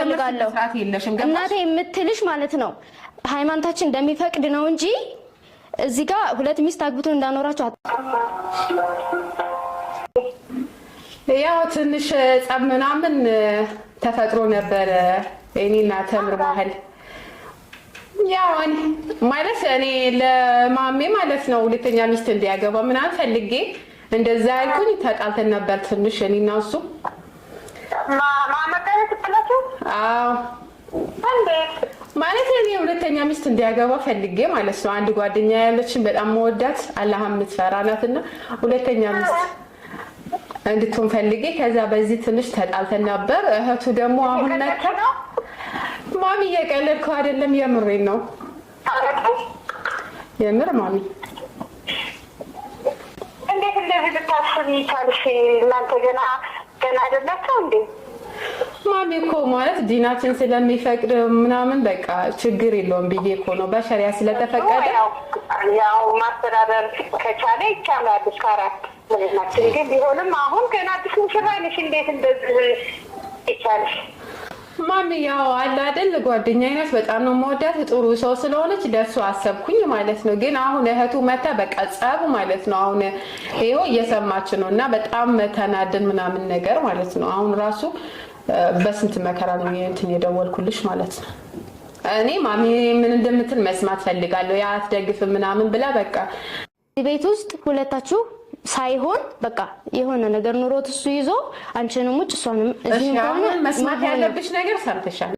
ፈልጋለሁ እናቴ የምትልሽ ማለት ነው። ሃይማኖታችን እንደሚፈቅድ ነው እንጂ እዚህ ጋር ሁለት ሚስት አግብቶ እንዳኖራቸው ያው ትንሽ ጸብ ምናምን ተፈጥሮ ነበረ። እኔና ተምር ባህል ያው ማለት እኔ ለማሜ ማለት ነው ሁለተኛ ሚስት እንዲያገባ ምናምን ፈልጌ እንደዛ ያልኩኝ ተቃልተን ነበር ትንሽ እኔና እሱ አዎ አንዴ ማለት እኔ ሁለተኛ ሚስት እንዲያገባ ፈልጌ ማለት ነው። አንድ ጓደኛ ያለችን በጣም መወዳት አላህ የምትፈራ ናት እና ሁለተኛ ሚስት እንድትሆን ፈልጌ ከዛ በዚህ ትንሽ ተጣልተን ነበር። እህቱ ደግሞ አሁን ነካ ማሚ፣ እየቀለድከው አይደለም፣ የምሬን ነው። የምር ማሚ እንዴት እንደዚህ ልታስብ ይቻልሽ? እናንተ ገና ገና አይደላቸው እንዴ? ማሚ እኮ ማለት ዲናችን ስለሚፈቅድ ምናምን በቃ ችግር የለውም ብዬ እኮ ነው። በሸሪያ ስለተፈቀደ ያው ማስተዳደር ከቻለ ይቻላል። ከአራት ምንናችን ግን ቢሆንም አሁን ገና አዲስ ሙሽራ ነሽ፣ እንዴት እንደዚህ ይቻልሽ? ማሚ ያው አለ አይደል ጓደኛዬ ናት፣ በጣም ነው መወዳት ጥሩ ሰው ስለሆነች ለእሱ አሰብኩኝ ማለት ነው። ግን አሁን እህቱ መታ በቃ ጸቡ ማለት ነው። አሁን ይኸው እየሰማች ነው እና በጣም ተናደን ምናምን ነገር ማለት ነው። አሁን ራሱ በስንት መከራ ነው እንትን የደወልኩልሽ ማለት ነው። እኔ ማሚ ምን እንደምትል መስማት ፈልጋለሁ። ያ አትደግፍም ምናምን ብላ በቃ ቤት ውስጥ ሁለታችሁ ሳይሆን በቃ የሆነ ነገር ኑሮት እሱ ይዞ አንቺንም ውጭ እሷንም መስማት ያለብሽ ነገር ሰምተሻል።